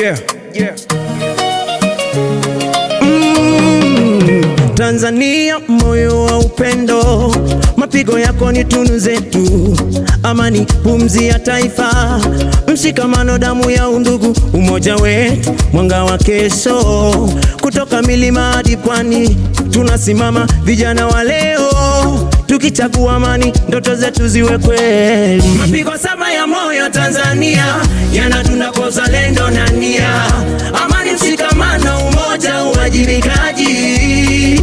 Yeah. Yeah. Mm, Tanzania moyo wa upendo, mapigo yako ni tunu zetu, amani pumzi ya taifa, mshikamano damu ya undugu, umoja wetu mwanga wa kesho, kutoka milima hadi pwani tunasimama, vijana wa leo tukichagua amani, ndoto zetu ziwe kweli. Mapigo sama ya uwajibikaji,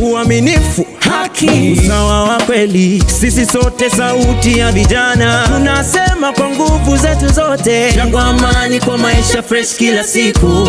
uaminifu, haki, usawa wa kweli. Sisi sote sauti ya vijana tunasema kwa nguvu zetu zote, Jangwa Amani kwa maisha fresh kila siku.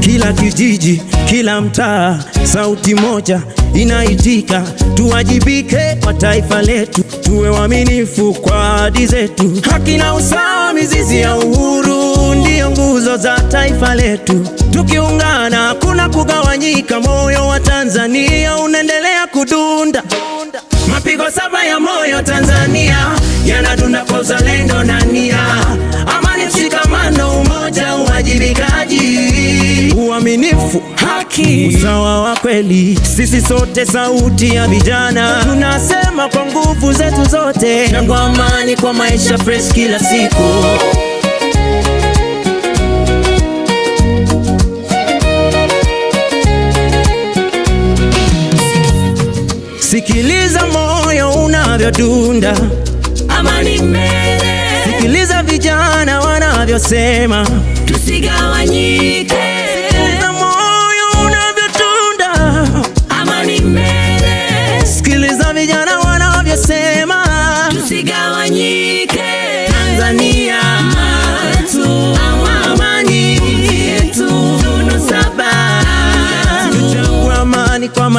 Kila kijiji, kila mtaa, sauti moja inaitika, tuwajibike kwa taifa letu, tuwe waaminifu kwa ahadi zetu. Haki na usawa, mizizi ya uhuru, ndiyo nguzo za taifa letu. Tukiungana hakuna kugawanyika, moyo wa Tanzania unaendelea kudunda. Mapigo saba ya moyo Tanzania yanadunda kwa uzalendo na nia. uadilifu, haki, usawa wa kweli. Sisi sote sauti ya vijana tunasema kwa nguvu zetu zote, na kwa amani, kwa maisha fresh kila siku. Sikiliza moyo unavyodunda, amani mbele. Sikiliza vijana wanavyosema, tusigawanyike.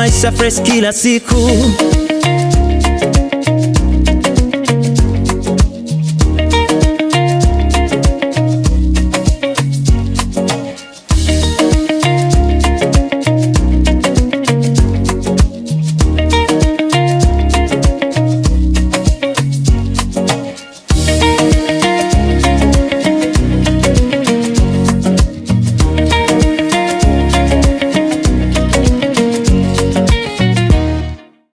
maisha fresh kila siku.